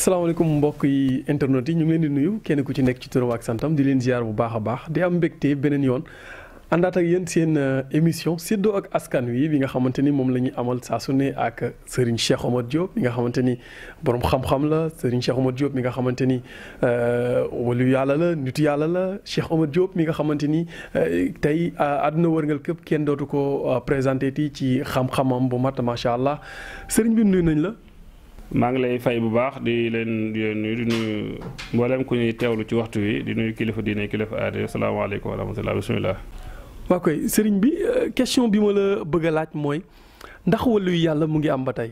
salaamaaleykum mbokk yi internet yi ñu ngeen di nuyu kenn ku ci nekk ci turam ak santam di leen ziar bu baax a baax di am mbégte beneen yoon àndaat ak yéen seen euh, émission séddoo ak askan wi bi nga xamante ni moom la ñuy amal saa su ne ak Serigne Cheikh Omar Diop mi nga xamante ni borom xam la Serigne Cheikh Omar Diop mi nga xamante ni euh, walu yàlla la nitu yàlla la Cheikh Omar Diop mi nga xamante ni euh, tey àdduna wërngal képp kenn dootu ko présenté ti ci xam-xamam bu mat macha allah Serigne bi nuyu nañ la. maa ngi lay fay bu baax di leen di nuyu di mboolem ku ñuy teewlu ci waxtu wi di nuyu kilifa diine kilifa aade salaamaaleykum wa rahmatulah bisimilah. waa koy sëriñ bi euh, question bi ma la bëgg a laaj mooy ndax wàllu yu yàlla mu ngi am ba tey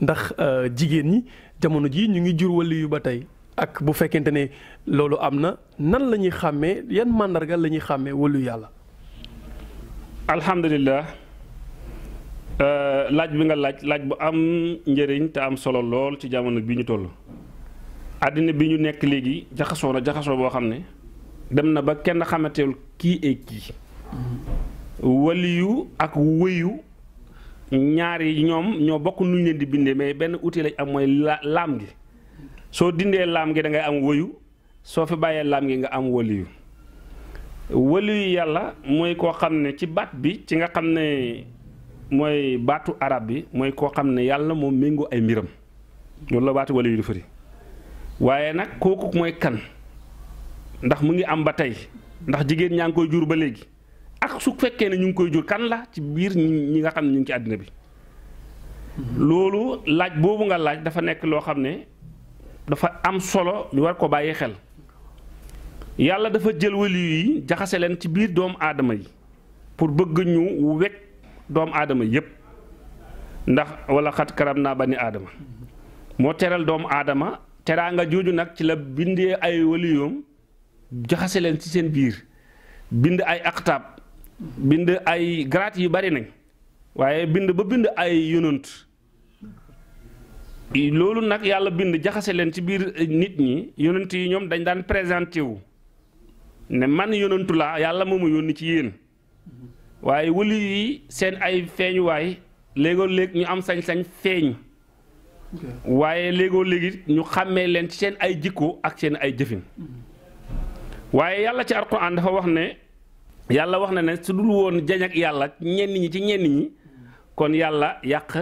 ndax euh, jigéen ñi jamono jii ñu ngi jur wàllu yu ba tey ak bu fekkente ne loolu am na nan la ñuy xàmmee yan màndarga la ñuy xàmmee wàllu yàlla. alhamdulilah. Euh, laaj bi nga laaj laaj bu am njëriñ te am solo lool ci jamono bi ñu toll. àddina bi ñu nekk léegi jaxasoo na jaxasoo boo xam ne dem na ba kenn xamatewul kii et kii. waliyu ak wëyu ñaar ñoom ñoo bokk nu ñu leen di bindee mais benn outil lañ am mooy la laam gi soo dindee laam gi da ngay am wëyu soo fi bàyyee laam gi nga am waliyu waliyu yàlla mooy koo xam ne ci baat bi ci nga xam ne. mooy baatu arab bi mooy koo xam ne yàlla moom méngoo ay mbiram loolu la baatu wala yu di waaye nag kooku mooy kan ndax mu ngi am ba tey ndax jigéen ñaa jur ba léegi ak su fekkee ne ñu ngi koy jur kan la ci biir ñi nga xam ne ñu ci àddina bi loolu laaj boobu nga laaj dafa nekk loo xam ne dafa am solo ñu war ko bàyyi xel yàlla dafa jël waliyu jaxase leen ci biir doomu aadama yi pour bëgg ñu wekk doomu aadama yépp ndax wala xat karam naa bani aadama moo teral doomu aadama teraa nga jooju nag ci la bindee ay waliyoom jaxase leen ci seen biir bind ay aqtaab bind ay garaat yu bari nañ waaye bind ba bind ay yonant loolu nag yàlla bind jaxase leen ci biir eh, nit ñi yonant yi ñoom dañ daan présenté wu ne man yonantu laa yàlla moom moomu yónni ci yéen waaye wëli yi seen ay feeñuwaay léegoo léeg ñu am sañ-sañ feeñ waaye léegoo léegi ñu xàmmee leen ci seen ay jikko ak seen ay jëfin waaye yàlla ci alxuraan dafa wax ne yàlla wax na ne su dul woon jañ ak yàlla ñenn ñi ci ñenn ñi kon yàlla yàq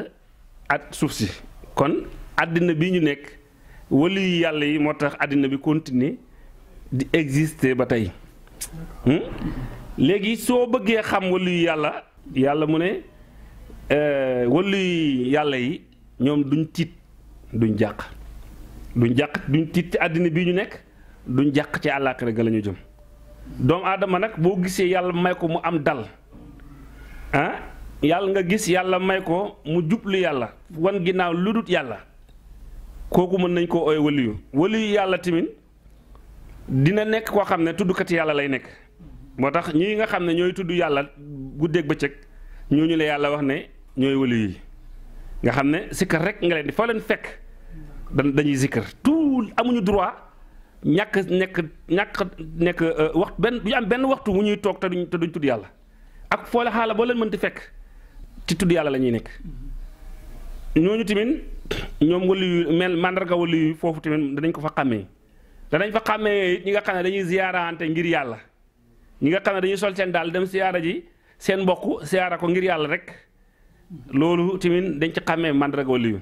at suuf si kon àddina bi ñu nekk wëli yi yàlla yi moo tax àddina bi continuer di exister ba tey hmm? léegi soo bëggee xam waliyu yàlla yàlla mu ne euh, waliyu yàlla yi ñoom duñ tiit duñ jàq duñ jàq duñ tiit ci àddina bi ñu nekk duñ jàq ci àllaaxira ga la ñu jëm doomu aadama nag boo gisee yàlla may ko mu am dal ah, yàlla nga gis yàlla may ko mu jublu yàlla wan ginnaaw lu dut yàlla kooku mën nañ koo ooy waliyu waliyu yàlla tamit dina nekk koo xam ne tuddkati yàlla lay nekk moo tax ñii nga xam ne ñooy tudd yàlla guddeeg bëccëg ñu la yàlla wax ne ñooy wali nga xam ne sikkar rek nga leen di foo leen fekk dañuy sikkar tout amuñu droit ñàkk nekk nekk euh, waxtu benn du am benn waxtu mu ñuy toog te duñ te tudd yàlla ak foole xaala boo leen mënti fekk ci tudd yàlla la ñuy nekk ñooñu tamit ñoom wali yu mel mandarga foofu tamit danañ ko fa xàmmee danañ fa xàmmee ñi nga xam ne dañuy ziyaaraante ngir yàlla ñi nga xam ne dañuy sol seen daal dem siyaara ji seen mbokk siyaara ko ngir yàlla rek loolu tamit dañ ci xàmmee mandarga waliyu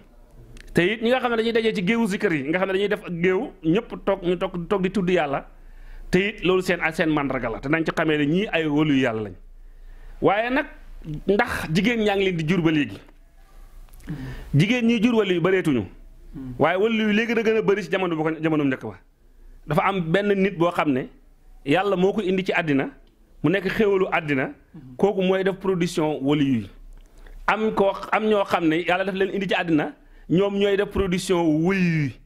te it ñi nga xam ne dañuy dajee ci géewu zikar yi nga xam ne dañuy def géew ñëpp toog ñu toog toog di tudd yàlla te it loolu seen ak seen mandarga la te nañ ci xamee ne ñii ay waliyu yàlla lañ waaye nag ndax jigéen ñaa ngi leen di jur ba léegi jigéen ñi jur waliyu bareetuñu waaye waliyu léegi da gën a bari ci jamono bu ko jamono njëkk ba dafa am benn nit boo xam ne yàlla moo ko indi ci àddina mu nekk xéwalu àddina kooku mooy def production waliyu yi am koo am ñoo xam ne yàlla daf leen indi ci àddina ñoom ñooy def production waliyu yi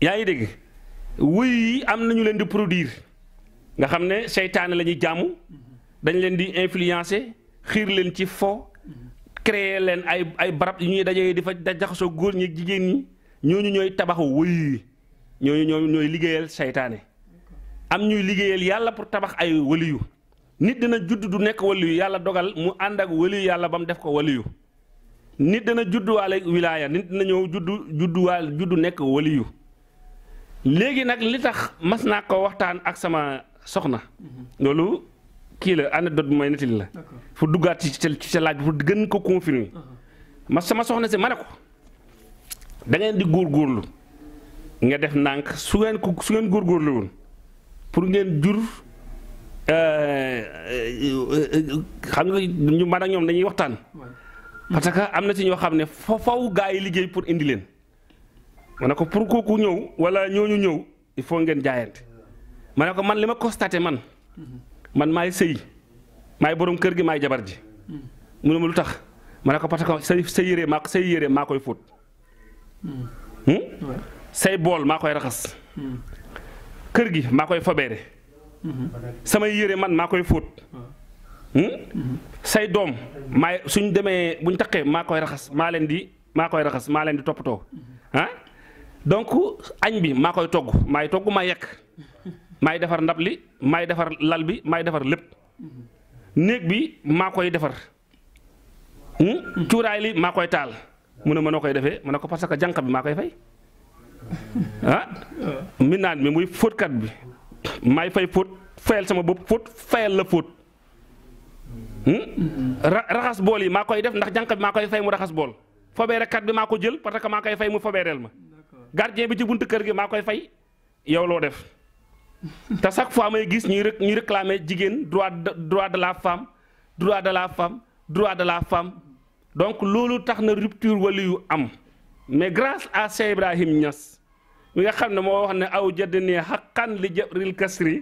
yaa ngi dégg waliyu yi am nañu leen di produire nga xam ne seytaane lañuy jàmm dañ leen di influencer xiir leen ci fo créer leen ay ay barab yu ñuy dajee di fa jaxasoo góor ñi jigéen ñi ñooñu ñooy tabaxu waliyu yi ñooñu ñooy liggéeyal seytaane am ñuy liggéeyal yàlla pour tabax ay waliyu nit dina judd du nekk waliyu yàlla dogal mu ànd ak waliyu yàlla ba mu def ko waliyu nit dana judduwaale wilaaya nit dina ñëw judd judduwaal juddu nekk waliyu léegi nag li tax mas naa ko waxtaan ak sama soxna loolu kii la anecdote bi may nettali la fu duggaat ci ci sa laaj fu gën ko confirmer uh-huh. ma sama soxna si ma ne ko dangeen di di góorgóorlu nga def ndànk su ngeen ko su ngeen góorgóorlu woon pour ngeen jur euh, euh, xam nga ñu man a ñoom dañuy waxtaan. parce que am na si ñoo xam ne foofaw gaa yi liggéey pour indi leen. ma ne ko pour kooku ñëw wala ñooñu ñëw il faut ngeen jaayante ma ne ko man li ma constaté man mm-hmm. man maay sëy maay borom kër gi maay jabar ji. Mm. mu ne ma lu tax ma ne ko parce que say say yére maa say yére maa koy fóot. Mm. Hmm? say bool maa koy raxas. Mm. kër gi maa koy fobeere samay yére man maa koy fóot hmm? say doom maay suñ demee buñ taqee maa koy raxas maa leen di maa koy raxas maa leen di toppatoo ah donc añ bi maa koy togg maay togg maa yekk maay defar ndab li maay defar lal bi maay defar lépp néeg bi maa koy defar hmm? cuuraay li maa koy taal mun ne ma noo koy defee mu a ko parce que jànq bi maa koy fay ah mi naan mi muy fóotkat bi maay fay fóot fayal sama bopp fóot fayal la fóot hmm? raxas bool yi maa koy def ndax jànq bi maa koy fay mu raxas bool fobeerekat bi maa ko jël parce que maa koy fay mu fobeereel ma gardien bi ci buntu kër gi maa koy fay yow loo def te chaque fois may gis ñuy rek ñuy réclamer jigéen droit droit de la femme droit de la femme droit de la femme donc loolu tax na rupture wala am mais grâce à Cheikh Ibrahim Niass mi nga xam ne moo wax ne aw jëdd nii xaqan li jabril kasri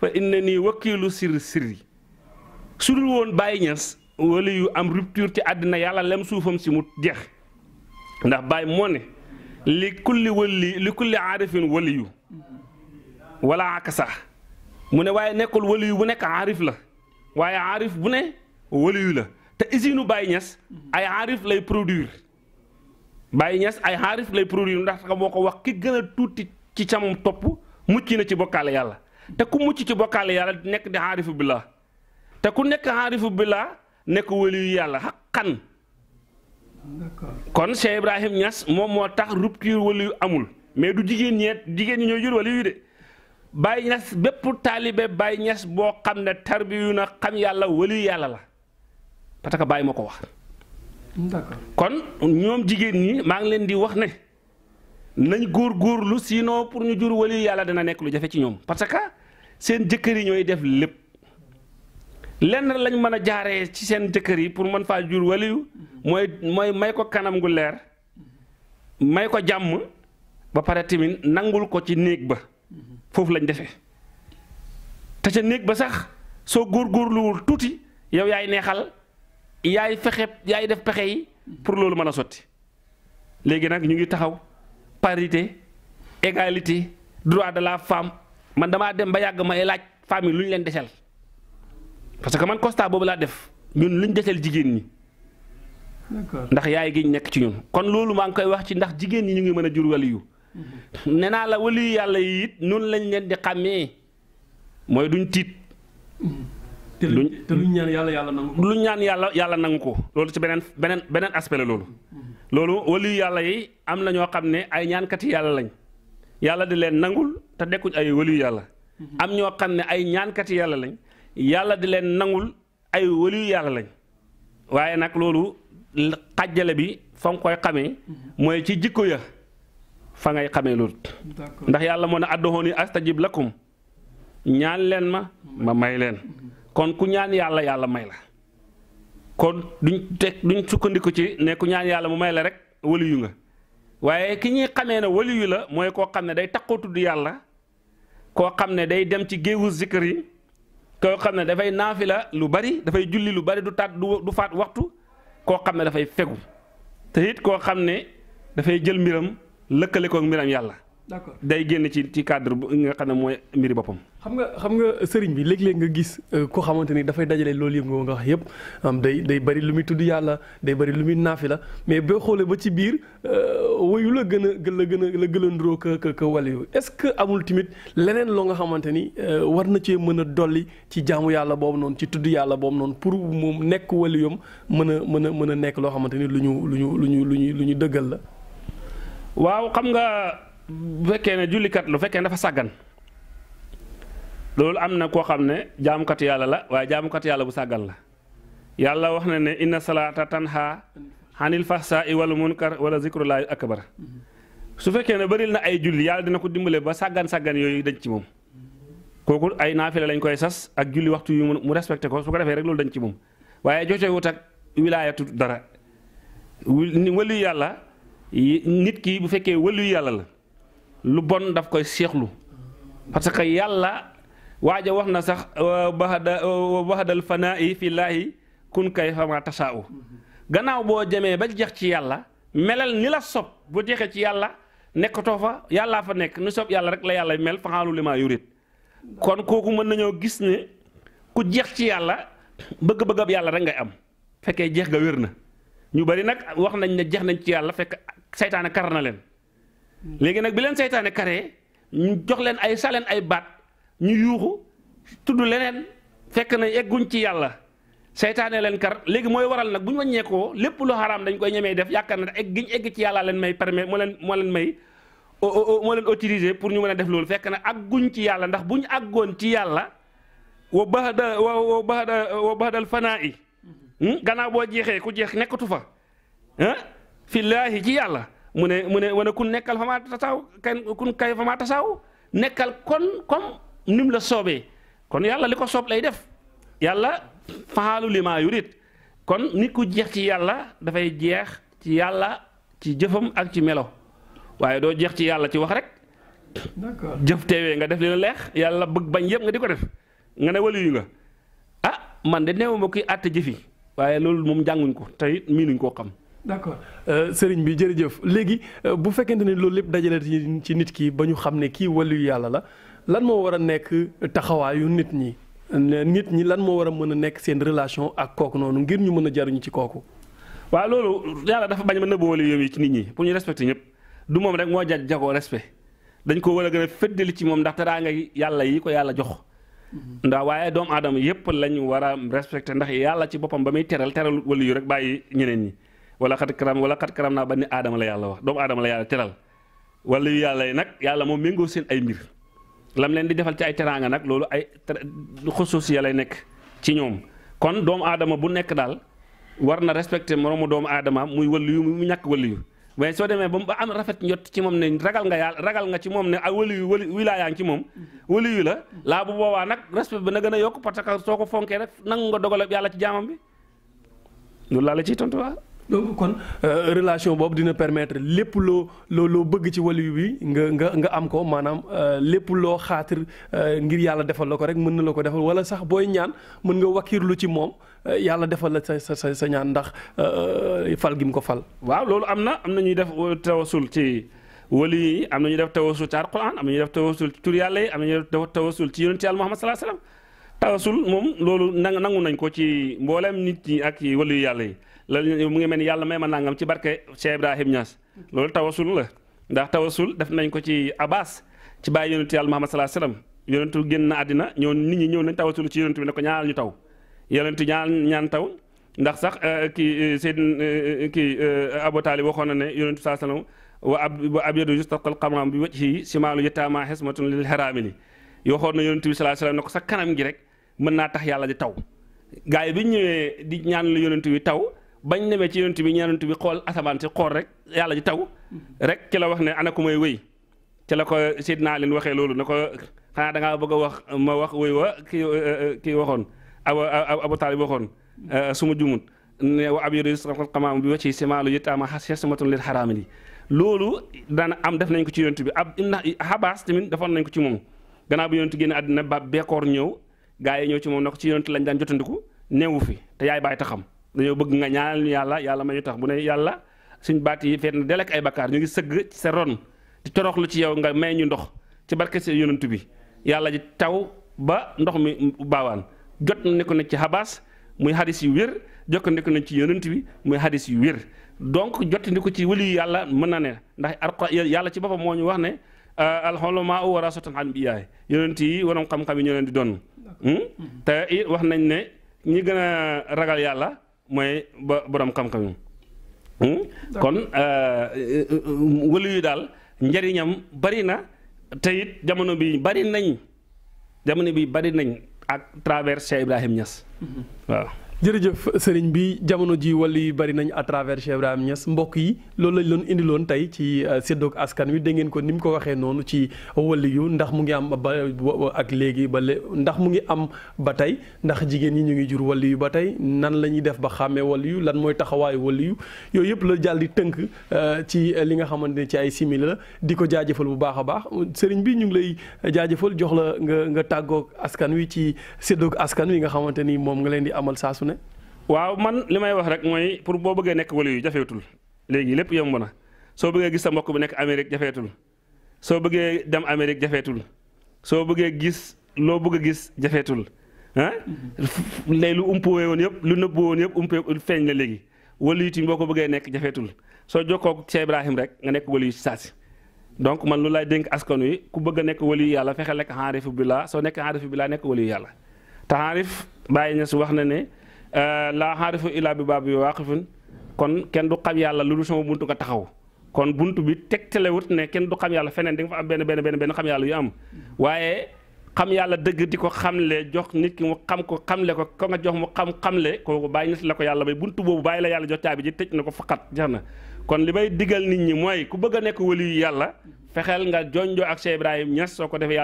fa inna nii wakiilu sir sirri su dul woon Baye Niass wala am rupture ci àddina yàlla lem suufam si mu jeex ndax Baye moo ne li kulli wali li kulli aarifin waliyu wala akasa mu ne waaye nekkul waliyu bu nekk aarif la waaye aarif bu ne waliyu la te usine Baye ñas ay aarif lay produire Baye Niass ay xaarif lay produire ndax moo ko wax ki gën a tuuti ci camam topp mucc na ci bokkaale yàlla te ku mucc ci bokkaale yàlla nekk di xaarifu billaa te ku nekk xaarifu billaa nekk waliyu yàlla xaqan kon Cheikh Ibrahim Niass moom moo tax rupture waliyu amul mais du jigéen ñeet jigéen ñi ñooy jur waliyu de Baye Niass bépp taalibe Baye ñas boo xam ne tarbiyu na xam yàlla waliyu yàlla la parce que Baye moo ko wax. d'accord kon ñoom jigéen ñi maa ngi leen di wax ne nañ góor góorlu sinon pour ñu jur wali yàlla dana nekk lu jafe ci ñoom parce que seen jëkkër yi ñooy def lépp lenn lañ mën a jaaree ci seen jëkkër yi pour mën faa jur waliyu mooy mooy may ko kanam gu leer may ko jàmm ba pare tamit nangul ko ci néeg ba foofu lañ defee te ca néeg ba sax soo góor góorgóorluwul tuuti yow yaay neexal yaay fexe yaay def pexe yi pour loolu mën a sotti léegi nag ñu ngi taxaw parité égalité droit de la femme man damaa dem ba yàgg may laaj femme yi lu ñu leen desel parce que man constat boobu laa def ñun lu ñu desel jigéen ñi. ndax yaay gi ñu nekk ci ñun kon loolu maa ngi koy wax ci ndax jigéen ñi ñu ngi mën a jur waliyu mhm. nee naa la waliyu yàlla yi it noonu lañu leen di xàmmee mooy duñ tiit. Mhm. lu luñ ñaan yàlla yàlla nangu ko. luñ ñaan yàlla yàlla nangu ko loolu ci beneen beneen beneen aspect la loolu. Mm-hmm. loolu wali yàlla yi am na ñoo xam ne ay ñaankati yàlla lañ yàlla di leen nangul te dekkuñ ay wali yàlla. Mm-hmm. am ñoo xam ne ay ñaankati yàlla lañ yàlla di leen nangul ay wali yàlla lañ waaye nag loolu xàjjale bi fa xame mm-hmm. mooy ci jikko ya fa ngay xamee loolu. ndax yàlla moo ne adduhooni astajib lakum ñaan leen ma ma may leen. kon ku ñaan yàlla yàlla may la kon duñ teg duñ sukkandiku ci ne ku ñaan yàlla mu may la rek waliyu nga waaye ki ñuy xamee ne waliyu la mooy koo xam ne day takkoo tudd yàlla koo xam ne day dem ci géewu zikr yi koo xam ne dafay naafila lu bari dafay julli lu bari du taat du faat waxtu koo xam ne dafay fegu te it koo xam ne dafay jël mbiram lëkkale koog mbiram yàlla d'accord day génn ci ci cadre bu nga xam ne mooy mbiri boppam. xam nga xam nga sëriñ bi léeg-léeg nga gis euh, koo xamante ni dafay dajale loolu yëpp nga wax yëpp day day bari lu muy tudd yàlla day bari lu muy naafi la mais boo xoolee ba ci biir euh, wayu la gën a gën a gën a nduroo ka ka ka wàll yooyu est-ce que amul tamit leneen loo nga xamante ni euh, war na cee mën a dolli ci jaamu yàlla boobu noonu ci tudd yàlla boobu noonu pour moom nekk waliyam mën a mën a mën a nekk loo xamante ni lu ñu lu ñu lu ñu lu ñu lu ñu dëggal la. waaw xam nga. bu fekkee ne jullikat lu fekkee ne dafa sàggan loolu am na koo xam ne jaamukat yàlla la waaye jaamukat yàlla bu sàggan la yàlla wax na ne inna salaata tanha xanil fahsa i wala munkar wala zikrullahi akbar su fekkee ne bëril na ay julli yàlla dina ko dimbale ba sàggan-sàggan yooyu dañ ci moom kooku ay naafila lañ koy sas ak julli waxtu yu mu respecté ko su ko defee rek loolu dañ ci moom waaye jotewut ak wilaayatu dara wali yàlla nit ki bu fekkee wali yàlla la lu bon daf koy seexlu parce que yàlla waaja wax na sax baxada baxadal fanaa yi fi laahi kun kay fama tasaaw gannaaw boo jëmee ba jeex ci yàlla melal ni la sob bu jeexee ci yàlla nekkatoo fa yàllaa fa nekk ni sob yàlla rek la yàlla mel faxaalu li maa yurit kon kooku mën nañoo gis ne ku jeex ci yàlla bëgg-bëggab yàlla rek ngay am fekkee jeex nga wér na ñu bari nag wax nañ ne jeex nañ ci yàlla fekk seytaane kar na leen léegi nag bi leen seytaane kare ñu jox leen ay saleen ay baat ñu yuuxu tudd leneen fekk na egguñ ci yàlla seytaanee leen kar léegi mooy waral nag bu ñu wàññeekoo lépp lu xaraam dañ koy ñemee def yaakaar na egg giñ egg ci yàlla leen may permettre moo leen moo leen may moo leen autorisé pour ñu mën a def loolu fekk na àgguñ ci yàlla ndax bu ñu àggoon ci yàlla wa baxda wa wa baxda wa baxdal fanaa i hmm, gannaaw boo jeexee ku jeex nekkatu fa ah fillaahi ci yàlla mu ne mu ne wane kun nekkal fa maa tasaaw kan kun kay fa maa tasaaw nekkal kon comme ni la soobee kon yàlla li ko soob lay def yàlla faalu li maa yurit kon nit ku jeex ci yàlla dafay jeex ci yàlla ci jëfam ak ci melo waaye doo jeex ci yàlla ci wax rek. jëf teewee nga def li la leex yàlla bëgg bañ yëpp nga di ko def nga ne waliyu nga a ah, man de neewuma kuy àtte jëfi waaye loolu moom jànguñ ko te it miinuñ koo xam. d' accord euh, sëriñ bi jërëjëf léegi euh, bu fekkente ne loolu lépp dajale ci nit ki ba ñu xam ne kii wàllu yàlla la lan moo war a nekk taxawaayu nit ñi nit ñi lan moo war a mën a nekk seen relation ak kooku noonu ngir ñu mën a jariñu ci kooku. waaw loolu yàlla dafa bañ ma nëbbu wàllu yow ci nit ñi pour ñu respecté ñëpp du moom rek moo ja jagoo respect dañ ko war a gën a fëddali ci moom ndax teraanga yàlla yi ko yàlla jox. Mhm. ndax waaye doomu aadama yëpp lañ war a respecté ndax yàlla ci boppam ba muy teral teral wàllu yu rek bàyyi ñeneen ñi wala xat karam wala xat karam naa ba ni aadama la yàlla wax doomu aadama la yàlla teral wala yàlla yi nag yàlla moom méngoo seen ay mbir lam leen di defal ci ay teraanga nag loolu ay xusuus ya lay nekk ci ñoom kon doomu aadama bu nekk daal war na respecté moroomu doomu aadama muy waliyu mu ñàkk waliyu mais soo demee ba am rafet njot ci moom ne ragal nga yàlla ragal nga ci moom ne ay waliyu wali wilaayaa ci moom mm-hmm. waliyu la laa bu boobaa nag respect bi na gën a yokk parce soo ko fonkee rek nangu nga dogal yàlla ci jaamam bi loolu laa la ciy tontu wa donc kon euh, relation boobu dina permettre lépp loo loo loo bëgg ci waliyu bi nga nga nga am ko maanaam euh, lépp loo xaatir euh, ngir yàlla defal la ko rek mën na la ko defal wala sax booy ñaan mën nga lu ci moom yàlla defal la sa sa sa ñaan ndax fal gi mu ko fal. waaw loolu am na am na ñuy def tawasul ci wali yi am na ñu def tawasul ci alquran am na ñuy def tawasul ci tur yàlla yi am na ñuy def tawasul ci yonent yàlla Muhammad sallallahu alayhi wasallam tawasul moom loolu nangu nañ ko ci mboolem nit ñi ak waliyu yàlla yi. loolu mu ngi mel ni yàlla may ma nangam ci barke Cheikh Ibrahim Niass loolu tawasul la ndax tawasul def nañ ko ci Abbas ci bàyyi yonentu yàlla Muhammad salaa salaam yonentu génn na àddina ñoo nit ñi ñëw nañ tawasul ci yonentu bi ne ko ñaanal ñu taw yonentu ñaan ñaan taw ndax sax kii Seyd kii waxoon na ne yonentu salaa salaam wa ab wa abyadu yustaqal qamam bi wajhihi simaalu yataama xismatun lil haraamini waxoon na yonentu bi salaa salaam ne ko sa kanam gi rek mën naa tax yàlla di taw gaa bi ñëwee di ñaan lu yonentu bi taw bañ demee ci yonent bi ñaanent bi xool asamaan si xool rek yàlla ji taw rek ci la wax ne ana ku may wéy ci la ko naa leen waxee loolu na ko xanaa da ngaa bëgg a wax ma wax wéy wa ki euh, euh, kii waxoon abu abu taalib waxoon euh, su ma jumut ne wax ab yorisaxamaam bi wacci simaalu yittaama xasimatun lil xaraami yi loolu daan am def nañ ko ci yonent bi ab inna xabaas tamit defoon nañ ko ci moom gannaaw bi yonent génn àddina ba beekoor ñëw gaa yi ñëw ci moom na ci yonent lañ daan jotandiku neewu fi te yaay bàyyi taxam dañoo bëgg nga ñaanal ñu yàlla yàlla ma ñu tax bu ne yàlla suñ baat yi feet na delek ay bakkaar ñu ngi sëgg ci sa ron di toroxlu ci yow nga may ñu ndox ci barke sa yonent bi yàlla ji taw ba ndox mi baawaan jot na ko ne ci xabaas muy hadis yu wér jokkandiku nañ ci yonent bi muy hadis yu wér donc jot ko ci yu yàlla mën na ne ndax arqa yàlla ci boppam moo ñu wax ne euh, alxolomaa u war a sotan an bi yaay yonent yi waroom xam-xam yi ñoo leen di doon hmm? Hmm. te it ne ñi gën a yàlla mooy ba borom xam-xam yi hmm? kon euh, euh, wëlu yu daal njariñam bari na te it jamono bi bari nañ jamono bi bari nañ ak travers Cheikh Ibrahim Niass mm-hmm. waaw jërëjëf sëriñ bi jamono ji wala yi bari nañ à travers Cheikh ñas mbokk yi loolu lañ loon indiloon tey ci euh, séddoog askan wi dégg ngeen ko ni mu ko waxee noonu ci wali yu ndax mu ngi am ba ak léegi ba ndax mu ngi am ba tey ndax jigéen ñi ñu ngi jur wali yu ba tey nan la ñuy def ba xàmmee wali yu lan mooy taxawaayu wali yu yooyu yëpp la jàll di tënk euh, ci euh, li nga xamante ci ay simili la di ko jaajëfal bu baax a baax sëriñ bi ñu ngi lay jaajëfal jox la nga nga tàggoog askan wi ci séddoog askan wi nga xamante ni moom nga leen di amal saa waaw man li may wax rek mooy pour boo bëggee nekk wali yu jafeetul léegi lépp yomb na soo bëggee gis sa mbokk bu nekk Amérique jafeetul soo bëggee dem Amérique jafeetul soo bëggee gis loo bëgg gis jafeetul ah léegi lu umpuwee woon yëpp lu nëbbu woon yëpp umpe feeñ la léegi wali yu tuñ bëggee nekk jafeetul soo jokkoo Cheikh Ibrahim rek nga nekk wali yu si saasi donc man lu laay dénk wi ku bëgg nekk waliyu yàlla fexe lekk xaarifu billaa soo nekk xaarifu billaa nekk waliyu yàlla te xaarif bàyyi ña su wax na ne Euh, laa xaarifu ilaa bi baab bi waaqifun kon kenn du xam yàlla lu dul sama buntu nga taxaw kon bunt bi tegtalewut ne kenn du xam yàlla feneen di nga fa am benn benn benn benn xam yàlla yu am waaye xam yàlla dëgg di ko xam le jox nit ki mu xam ko xam xamle ko ko nga jox mu xam xam xamle kooku bàyyi nit la ko yàlla bay buntu boobu bàyyi la yàlla jox caabi ji tëj na ko faqat jeex na kon li may digal nit ñi mooy ku bëgg a nekk waliyu yàlla fexeel nga jonjoo ak Cheikh Ibrahim Niass soo ko defee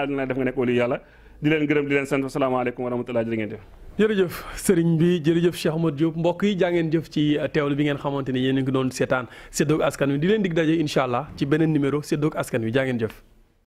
leen gërëm di leen sant asalaamaaleykum wa rahmatulah jërë ngeen def jërëjëf sëriñ bi jërëjëf Cheikh Ahmad Diop mbokk yi jàngeen jëf ci teewlu bi ngeen xamante ni yéen a ngi doon seetaan séddoog askan wi di leen dig daje incha allah ci beneen numéro séddoog askan wi jàngeen jëf